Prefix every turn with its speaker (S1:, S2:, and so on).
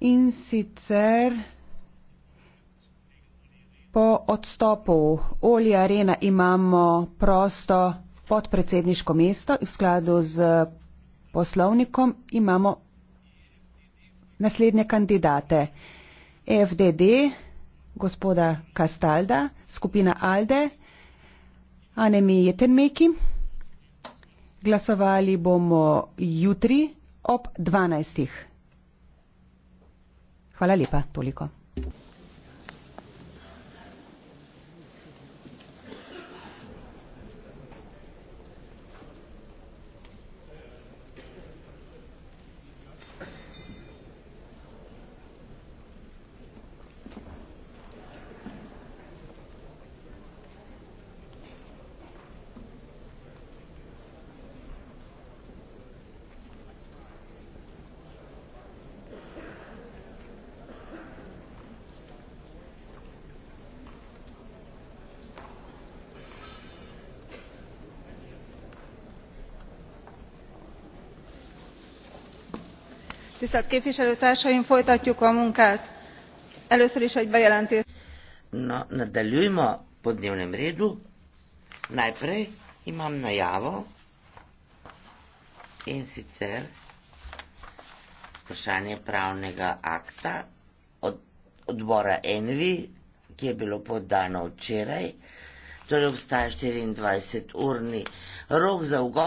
S1: in sicer po odstopu Olja Rena imamo prosto podpredsedniško mesto in v skladu z poslovnikom imamo naslednje kandidate. E FDD, gospoda Kastalda, skupina Alde, Anemi Jetenmeki. Glasovali bomo jutri ob 12. Hvala lepa, toliko.
S2: tisztelt képviselőtársaim folytatjuk a munkát először is egy bejelentés.
S3: No, nadaljujmo po dnevnem redu. Najprej imam najavo in sicer vprašanje pravnega akta od, odbora Envi, ki je bilo podano včeraj. Torej obstaja 24-urni rok za ugovor.